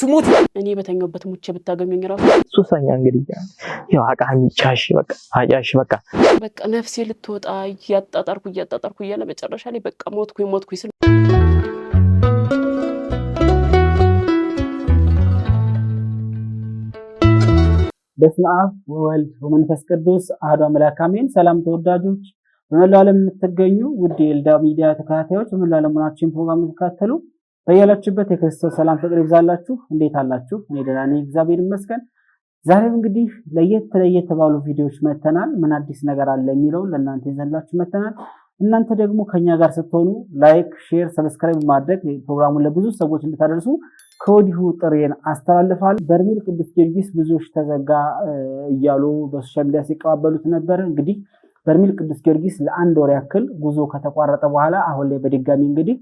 ስሙት እኔ በተኛበት ሙቼ ብታገኙኝ ራሱ ሱሰኛ እንግዲህ ያው አቃሚ ቻሽ በቃ አጫሽ በቃ በቃ ነፍሴ ልትወጣ እያጣጣርኩ እያጣጣርኩ እያለ መጨረሻ ላይ በቃ ሞትኩኝ ሞትኩኝ ስል በስመ አብ ወወልድ ወመንፈስ ቅዱስ አሐዱ አምላክ አሜን። ሰላም ተወዳጆች፣ በመላው ዓለም የምትገኙ ውድ የልዳ ሚዲያ ተከታታዮች በመላው ዓለም ሆናችሁ ፕሮግራም ተከታተሉ። በያላችሁበት የክርስቶስ ሰላም ፍቅር ይብዛላችሁ። እንዴት አላችሁ? እኔ ደህና ነኝ፣ እግዚአብሔር ይመስገን። ዛሬም እንግዲህ ለየት ለየት ባሉ ቪዲዮዎች መተናል። ምን አዲስ ነገር አለ የሚለውን ለእናንተ ይዘንላችሁ መተናል። እናንተ ደግሞ ከኛ ጋር ስትሆኑ ላይክ፣ ሼር፣ ሰብስክራይብ ማድረግ ፕሮግራሙን ለብዙ ሰዎች እንድታደርሱ ከወዲሁ ጥሬን አስተላልፋል በርሜል ቅዱስ ጊዮርጊስ ብዙዎች ተዘጋ እያሉ በሶሻል ሚዲያ ሲቀባበሉት ነበር። እንግዲህ በርሜል ቅዱስ ጊዮርጊስ ለአንድ ወር ያክል ጉዞ ከተቋረጠ በኋላ አሁን ላይ በድጋሚ እንግዲህ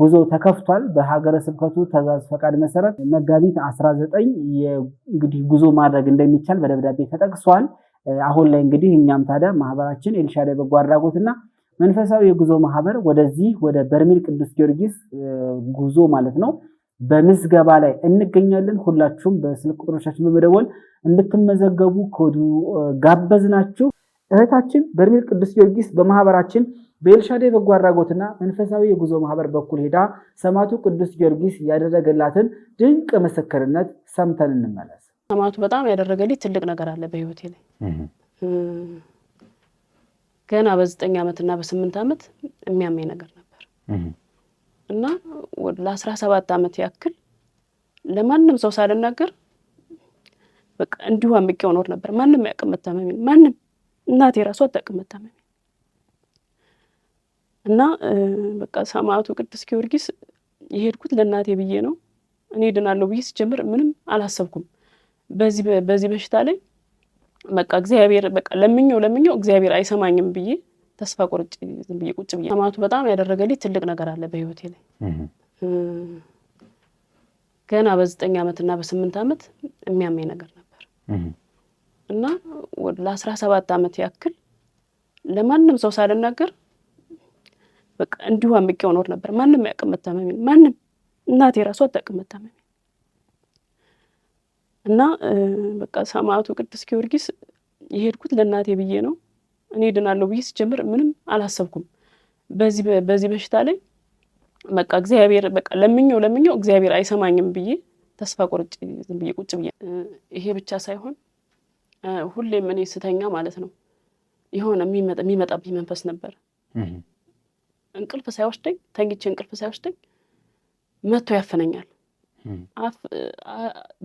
ጉዞ ተከፍቷል። በሀገረ ስብከቱ ትእዛዝ ፈቃድ መሰረት መጋቢት 19 እንግዲህ ጉዞ ማድረግ እንደሚቻል በደብዳቤ ተጠቅሷል። አሁን ላይ እንግዲህ እኛም ታዲያ ማህበራችን ኤልሻዳይ በጎ አድራጎትና መንፈሳዊ የጉዞ ማህበር ወደዚህ ወደ በርሜል ቅዱስ ጊዮርጊስ ጉዞ ማለት ነው በምዝገባ ላይ እንገኛለን። ሁላችሁም በስልክ ቁጥሮቻችን በመደወል እንድትመዘገቡ ከወዲሁ ጋበዝናችሁ። እህታችን በርሜል ቅዱስ ጊዮርጊስ በማህበራችን በኤልሻዴ በጎ አድራጎትና መንፈሳዊ የጉዞ ማህበር በኩል ሄዳ ሰማዕቱ ቅዱስ ጊዮርጊስ ያደረገላትን ድንቅ ምስክርነት ሰምተን እንመለስ። ሰማዕቱ በጣም ያደረገልኝ ትልቅ ነገር አለ በህይወቴ ላይ ገና በዘጠኝ ዓመት ዓመትና በስምንት ዓመት የሚያመኝ ነገር ነበር እና ለአስራ ሰባት ዓመት ያክል ለማንም ሰው ሳልናገር እንዲሁ አምቄው ኖር ነበር። ማንም ያውቅም መታመሜን፣ ማንም እናቴ ራሱ አታውቅም መታመሜን እና በቃ ሰማዕቱ ቅዱስ ጊዮርጊስ የሄድኩት ለእናቴ ብዬ ነው። እኔ ድናለሁ ብዬ ስጀምር ምንም አላሰብኩም። በዚህ በሽታ ላይ በቃ እግዚአብሔር በቃ ለምኛው ለምኛው እግዚአብሔር አይሰማኝም ብዬ ተስፋ ቁርጭ ዝም ብዬ ቁጭ ብዬ ሰማዕቱ በጣም ያደረገልኝ ትልቅ ነገር አለ በህይወቴ ላይ ገና በዘጠኝ እና በስምንት ዓመት የሚያመኝ ነገር ነበር እና ለአስራ ሰባት ዓመት ያክል ለማንም ሰው ሳልናገር በቃ እንዲሁ አምቄው ኖር ነበር። ማንም ያውቅ ማንም እናቴ ራሱ አታውቅ እና በቃ ሰማዕቱ ቅዱስ ጊዮርጊስ የሄድኩት ለእናቴ ብዬ ነው። እኔ ድናለሁ ብዬ ስጀምር ምንም አላሰብኩም። በዚህ በሽታ ላይ በቃ እግዚአብሔር በቃ ለምኛው ለምኛው እግዚአብሔር አይሰማኝም ብዬ ተስፋ ቁርጭ ዝም ብዬ ቁጭ ብዬ ይሄ ብቻ ሳይሆን ሁሌም እኔ ስተኛ ማለት ነው የሆነ የሚመጣብኝ መንፈስ ነበር እንቅልፍ ሳይወስደኝ ተኝቼ እንቅልፍ ሳይወስደኝ መቶ ያፈነኛል።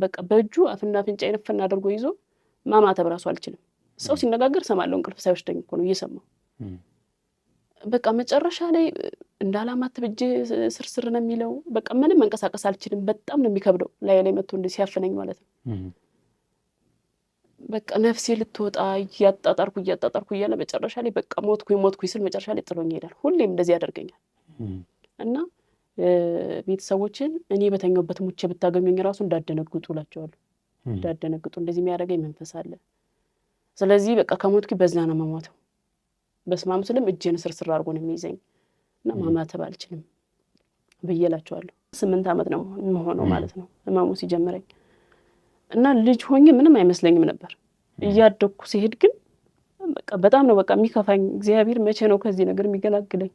በቃ በእጁ አፍና አፍንጫ የነፈን አድርጎ ይዞ ማማተብ ራሱ አልችልም። ሰው ሲነጋገር ሰማለው እንቅልፍ ሳይወስደኝ እኮ ነው እየሰማሁ። በቃ መጨረሻ ላይ እንዳላማትብ እጄ ስርስር ነው የሚለው። በቃ ምንም መንቀሳቀስ አልችልም። በጣም ነው የሚከብደው። ላይ ላይ መቶ እንደ ሲያፍነኝ ማለት ነው። በቃ ነፍሴ ልትወጣ እያጣጣርኩ እያጣጣርኩ እያለ መጨረሻ ላይ በቃ ሞትኩኝ ሞትኩኝ ስል መጨረሻ ላይ ጥሎኝ ይሄዳል። ሁሌም እንደዚህ ያደርገኛል እና ቤተሰቦችን እኔ በተኛውበት ሙቼ ብታገኙኝ ራሱ እንዳደነግጡ እላቸዋለሁ። እንዳደነግጡ እንደዚህ የሚያደርገኝ መንፈስ አለ። ስለዚህ በቃ ከሞትኩኝ በዝና ነው መሞተው። በስማም ስልም እጄን ስርስር አድርጎ ነው የሚይዘኝ እና ማማተብ አልችልም ብዬ ስምንት ዓመት ነው መሆነው ማለት ነው ህመሙ ሲጀምረኝ እና ልጅ ሆኜ ምንም አይመስለኝም ነበር። እያደግኩ ሲሄድ ግን በጣም ነው በቃ የሚከፋኝ። እግዚአብሔር መቼ ነው ከዚህ ነገር የሚገላግለኝ?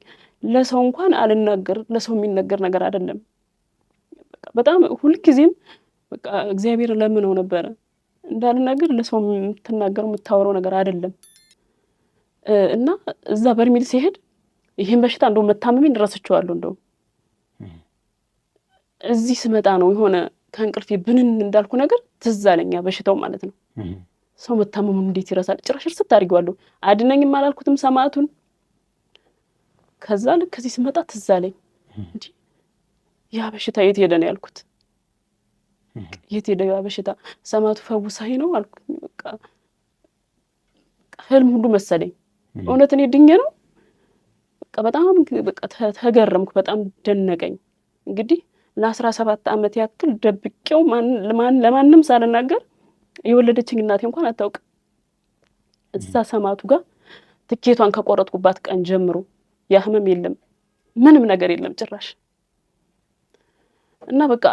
ለሰው እንኳን አልናገር፣ ለሰው የሚነገር ነገር አይደለም። በጣም ሁልጊዜም በቃ እግዚአብሔር ለምነው ነበረ እንዳልናገር፣ ለሰው የምትናገረው የምታወረው ነገር አይደለም እና እዛ በርሚል ሲሄድ ይህን በሽታ እንደው መታመሜን ረስቼዋለሁ። እንደው እዚህ ስመጣ ነው የሆነ ከእንቅልፌ ብንን እንዳልኩ ነገር ትዝ አለኝ በሽታው ማለት ነው። ሰው መታመሙን እንዴት ይረሳል? ጭራሽ እርስት አድርጌዋለሁ። አድነኝም አላልኩትም ሰማዕቱን። ከዛ ልክ ከዚህ ስመጣ ትዝ አለኝ እንጂ ያ በሽታ የት ሄደ ነው ያልኩት። የት ሄደ ያ በሽታ? ሰማዕቱ ፈውሳይ ነው አልኩት። በቃ ህልም ሁሉ መሰለኝ። እውነት እኔ ድኜ ነው በቃ በጣም በቃ ተገረምኩ። በጣም ደነቀኝ እንግዲህ ለአስራ ሰባት ዓመት ያክል ደብቄው ለማንም ሳልናገር የወለደችኝ እናቴ እንኳን አታውቅም። እዛ ሰማቱ ጋር ትኬቷን ከቆረጥኩባት ቀን ጀምሮ ያህመም የለም፣ ምንም ነገር የለም ጭራሽ እና በቃ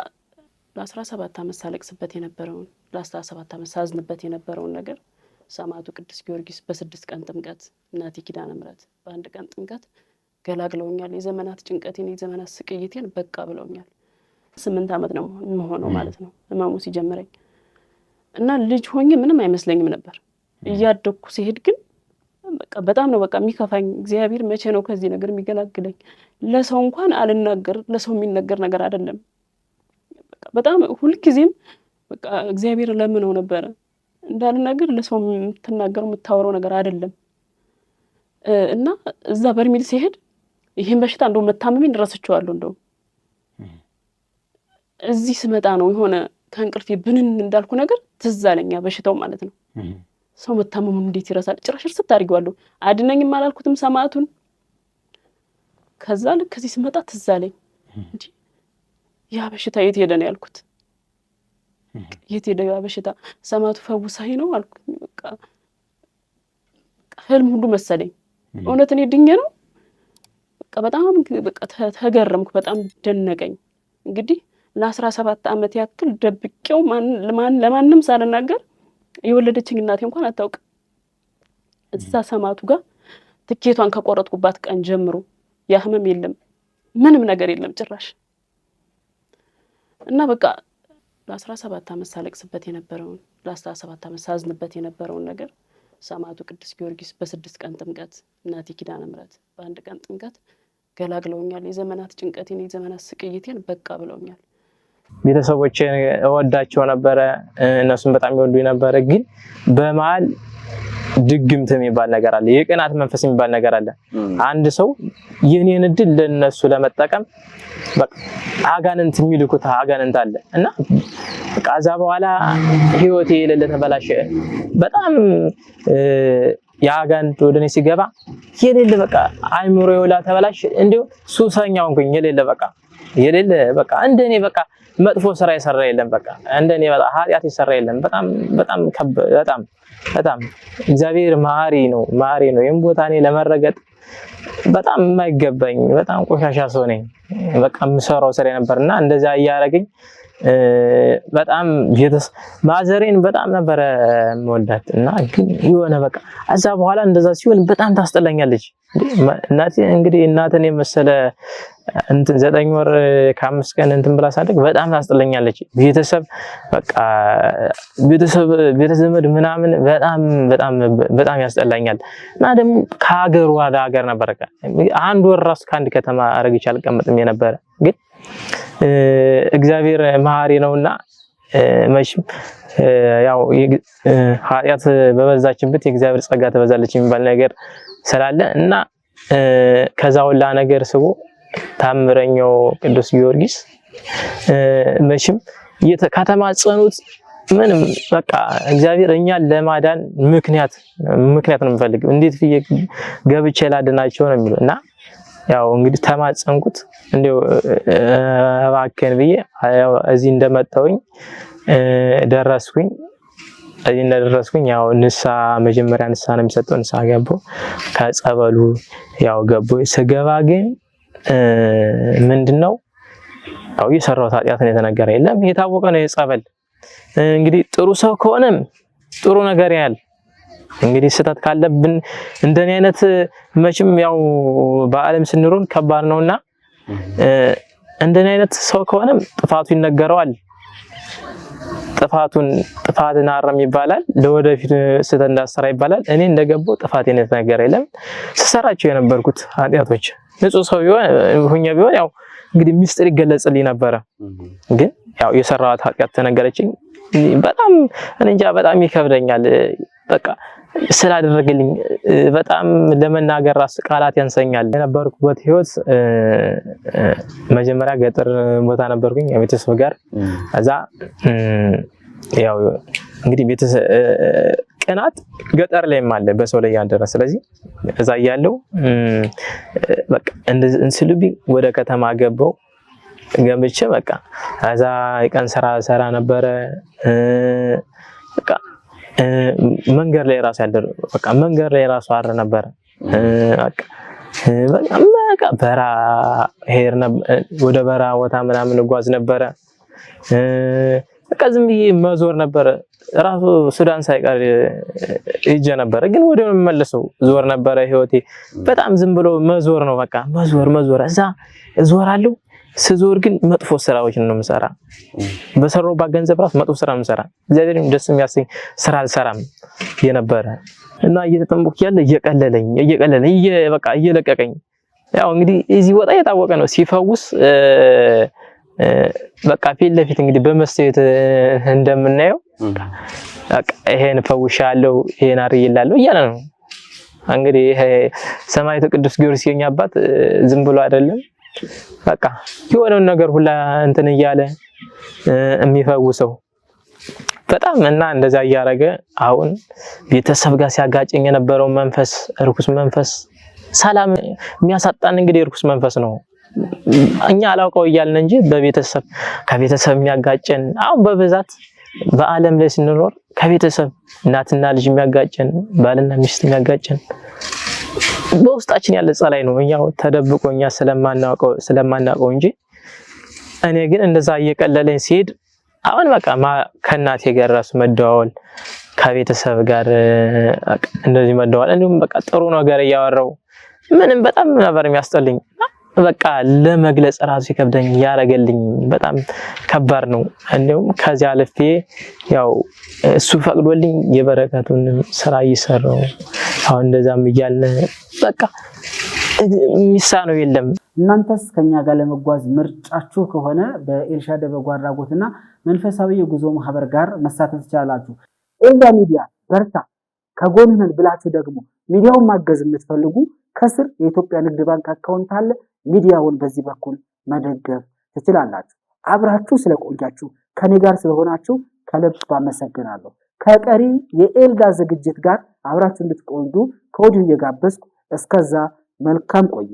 ለአስራ ሰባት ዓመት ሳለቅስበት የነበረውን ለአስራ ሰባት ዓመት ሳዝንበት የነበረውን ነገር ሰማዕቱ ቅዱስ ጊዮርጊስ በስድስት ቀን ጥምቀት እናቴ ኪዳነ ምሕረት በአንድ ቀን ጥምቀት ገላግለውኛል። የዘመናት ጭንቀቴን የዘመናት ስቅይቴን በቃ ብለውኛል። ስምንት ዓመት ነው የምሆነው ማለት ነው ህመሙ ሲጀምረኝ እና ልጅ ሆኜ ምንም አይመስለኝም ነበር። እያደግኩ ሲሄድ ግን በቃ በጣም ነው በቃ የሚከፋኝ። እግዚአብሔር መቼ ነው ከዚህ ነገር የሚገላግለኝ? ለሰው እንኳን አልናገር ለሰው የሚነገር ነገር አይደለም። በጣም ሁልጊዜም በቃ እግዚአብሔር ለምነው ነበረ እንዳልናገር ለሰው የምትናገረው የምታወረው ነገር አይደለም እና እዛ በርሚል ሲሄድ ይህን በሽታ እንደው መታመሜን ረስቼዋለሁ እንደውም እዚህ ስመጣ ነው የሆነ ከእንቅልፌ ብንን እንዳልኩ ነገር ትዝ አለኝ በሽታው ማለት ነው። ሰው መታመሙን እንዴት ይረሳል? ጭራሽ እርስ ታደርጊዋለሁ። አድነኝም አላልኩትም ሰማዕቱን። ከዛ ልክ ከዚህ ስመጣ ትዝ አለኝ እንጂ ያ በሽታ የት ሄደ ነው ያልኩት። የት ሄደ ያ በሽታ? ሰማዕቱ ፈውሳይ ነው አልኩ። በቃ ህልም ሁሉ መሰለኝ። እውነት እኔ ድኜ ነው በቃ በጣም በቃ ተገረምኩ። በጣም ደነቀኝ እንግዲህ ለአስራ ሰባት ዓመት ያክል ደብቄው ለማንም ሳልናገር የወለደችኝ እናቴ እንኳን አታውቅም። እዛ ሰማቱ ጋር ትኬቷን ከቆረጥኩባት ቀን ጀምሮ ያህመም የለም ምንም ነገር የለም ጭራሽ እና በቃ ለአስራ ሰባት ዓመት ሳለቅስበት የነበረውን ለአስራ ሰባት ዓመት ሳዝንበት የነበረውን ነገር ሰማዕቱ ቅዱስ ጊዮርጊስ በስድስት ቀን ጥምቀት እናቴ ኪዳነ ምሕረት በአንድ ቀን ጥምቀት ገላግለውኛል። የዘመናት ጭንቀቴን የዘመናት ስቅይቴን በቃ ብለውኛል። ቤተሰቦች እወዳቸው ነበረ፣ እነሱም በጣም ይወዱ ነበረ። ግን በመሀል ድግምት የሚባል ነገር አለ፣ የቅናት መንፈስ የሚባል ነገር አለ። አንድ ሰው የኔን እድል ለነሱ ለመጠቀም በቃ አጋንንት የሚልኩት አጋንንት አለ እና ከዛ በኋላ ህይወት የሌለ ተበላሸ። በጣም የአጋንንት ወደ እኔ ሲገባ የሌለ በቃ አይምሮ የውላ ተበላሽ፣ እንዲሁ ሱሰኛ ሆንኩኝ የሌለ በቃ የሌለ በቃ እኔ በቃ መጥፎ ስራ የሰራ የለም። በቃ እኔ በቃ ኃጢአት የሰራ የለም። በጣም በጣም በጣም በጣም እግዚአብሔር መሐሪ ነው፣ መሐሪ ነው። ይህም ቦታ እኔ ለመረገጥ በጣም የማይገባኝ በጣም ቆሻሻ ሰው ነኝ። በቃ የምሰራው ስራ ነበርና እንደዛ እያደረገኝ በጣም ቤተስ ማዘሬን በጣም ነበረ መወዳት እና ግን የሆነ በቃ እዛ በኋላ እንደዛ ሲሆን በጣም ታስጠላኛለች። እናቴ እንግዲህ እናትን የመሰለ እንትን ዘጠኝ ወር ከአምስት ቀን እንትን ብላ ሳደግ በጣም ታስጠላኛለች። ቤተሰብ በቃ ቤተሰብ ቤተዘመድ ምናምን በጣም በጣም በጣም ያስጠላኛል። እና ደግሞ ከሀገር ወደ ሀገር ነበረ አንድ ወር ራሱ ከአንድ ከተማ አረግቻ አልቀመጥም የነበረ ግን እግዚአብሔር መሐሪ ነውና መቼም ያው ኃጢአት በበዛችበት የእግዚአብሔር ጸጋ ትበዛለች የሚባል ነገር ስላለ እና ከዛ ሁላ ነገር ስቦ ታምረኛው ቅዱስ ጊዮርጊስ መቼም ከተማጸኑት ምንም በቃ እግዚአብሔር እኛን ለማዳን ምክንያት ምክንያት ነው የሚፈልገው እንዴት ብዬ ገብቼ ላድናቸው ነው የሚለው እና ያው እንግዲህ ተማጸንኩት እንዲው እባክህን ብዬ እዚህ እንደመጣሁኝ ደረስኩኝ። እዚህ እንደደረስኩኝ ያው ንሳ መጀመሪያ ንሳ ነው የሚሰጠው። ንሳ ገባሁ፣ ከጸበሉ ያው ገባሁ። ስገባ ግን ምንድነው ያው የሰራሁት ኃጢአት ነው የተነገረ የለም የታወቀ ነው። የጸበል እንግዲህ ጥሩ ሰው ከሆነም ጥሩ ነገር ያል እንግዲህ ስህተት ካለብን እንደኔ አይነት መቼም ያው በዓለም ስንሩን ከባድ ነውና እንደኔ አይነት ሰው ከሆነም ጥፋቱ ይነገረዋል። ጥፋቱን ጥፋትን አረም ይባላል። ለወደፊት ስህተት እንዳሰራ ይባላል። እኔ እንደገባው ጥፋቴን የተነገረ የለም። ስሰራቸው የነበርኩት ኃጢአቶች ንጹህ ሰው ቢሆን ሁኛ ቢሆን ያው እንግዲህ ሚስጥር ይገለጽልኝ ነበረ። ግን ያው የሰራኋት ኃጢአት ተነገረችኝ። በጣም እንጃ በጣም ይከብደኛል በቃ ስላደረግልኝ በጣም ለመናገር ራስ ቃላት ያንሰኛል። የነበርኩበት ህይወት መጀመሪያ ገጠር ቦታ ነበርኩኝ ከቤተሰብ ጋር። ከዛ ያው እንግዲህ ቅናት ገጠር ላይም አለ በሰው ላይ ያደረ። ስለዚህ እዛ እያለሁ በቃ እንስልብኝ ወደ ከተማ ገባው ገብቼ በቃ እዛ የቀን ስራ ሰራ ነበረ በቃ መንገድ ላይ ራሱ ያደረ በቃ መንገድ ላይ ራሱ አድር ነበር በቃ በራ ሄር ወደ በራ ቦታ ምናምን እጓዝ ነበረ። በቃ ዝም ብዬ መዞር ነበረ። ራሱ ሱዳን ሳይቀር ሄጄ ነበረ፣ ግን ወደ መመለሰው ዞር ነበረ። ህይወቴ በጣም ዝም ብሎ መዞር ነው። በቃ መዞር መዞር እዛ እዞራለሁ ስዞር ግን መጥፎ ስራዎች ነው የምሰራ። በሰራው ባገንዘብ ራስ መጥፎ ስራ የምሰራ እግዚአብሔርም ደስ የሚያሰኝ ስራ አልሰራም የነበረ እና እየተጠመቁ ያለ እየቀለለኝ እየቀለለኝ በቃ እየለቀቀኝ ያው እንግዲህ እዚህ ወጣ የታወቀ ነው ሲፈውስ በቃ ፊት ለፊት እንግዲህ በመስተየት እንደምናየው በቃ ይሄን ፈውሻለሁ ይሄን አርይላለሁ እያለ ነው እንግዲህ ሰማዕቱ ቅዱስ ጊዮርጊስ የኛ አባት ዝም ብሎ አይደለም። በቃ የሆነውን ነገር ሁላ እንትን እያለ የሚፈውሰው በጣም እና እንደዛ እያደረገ አሁን ቤተሰብ ጋር ሲያጋጨኝ የነበረው መንፈስ እርኩስ መንፈስ ሰላም የሚያሳጣን እንግዲህ እርኩስ መንፈስ ነው። እኛ አላውቀው እያልን እንጂ በቤተሰብ ከቤተሰብ የሚያጋጨን አሁን በብዛት በዓለም ላይ ስንኖር ከቤተሰብ እናትና ልጅ የሚያጋጨን፣ ባልና ሚስት የሚያጋጨን በውስጣችን ያለ ጸላይ ነው። እኛው ተደብቆ እኛ ስለማናውቀው እንጂ እኔ ግን እንደዛ እየቀለለኝ ሲሄድ አሁን በቃ ከእናቴ ጋር ራሱ መደዋወል ከቤተሰብ ጋር እንደዚህ መደዋወል፣ እንዲሁም በቃ ጥሩ ነገር እያወራው ምንም በጣም ነበር የሚያስጠልኝ። በቃ ለመግለጽ ራሱ ይከብደኝ ያረገልኝ በጣም ከባድ ነው። እንዲሁም ከዚያ አልፌ ያው እሱ ፈቅዶልኝ የበረከቱን ስራ እየሰራው አሁን እንደዛም እያልን በቃ ሚሳ ነው የለም። እናንተስ ከኛ ጋር ለመጓዝ ምርጫችሁ ከሆነ በኤልሻ በጎ አድራጎትና መንፈሳዊ የጉዞ ማህበር ጋር መሳተፍ ትችላላችሁ። ኤልዳ ሚዲያ በርታ ከጎንህ ብላችሁ ደግሞ ሚዲያውን ማገዝ የምትፈልጉ ከስር የኢትዮጵያ ንግድ ባንክ አካውንት አለ። ሚዲያውን በዚህ በኩል መደገፍ ትችላላችሁ። አብራችሁ ስለቆያችሁ ከኔ ጋር ስለሆናችሁ ከልብ አመሰግናለሁ። ከቀሪ የኤልዳ ዝግጅት ጋር አብራችሁ እንድትቆዩ ከወዲሁ እየጋበዝኩ እስከዛ መልካም ቆዩ።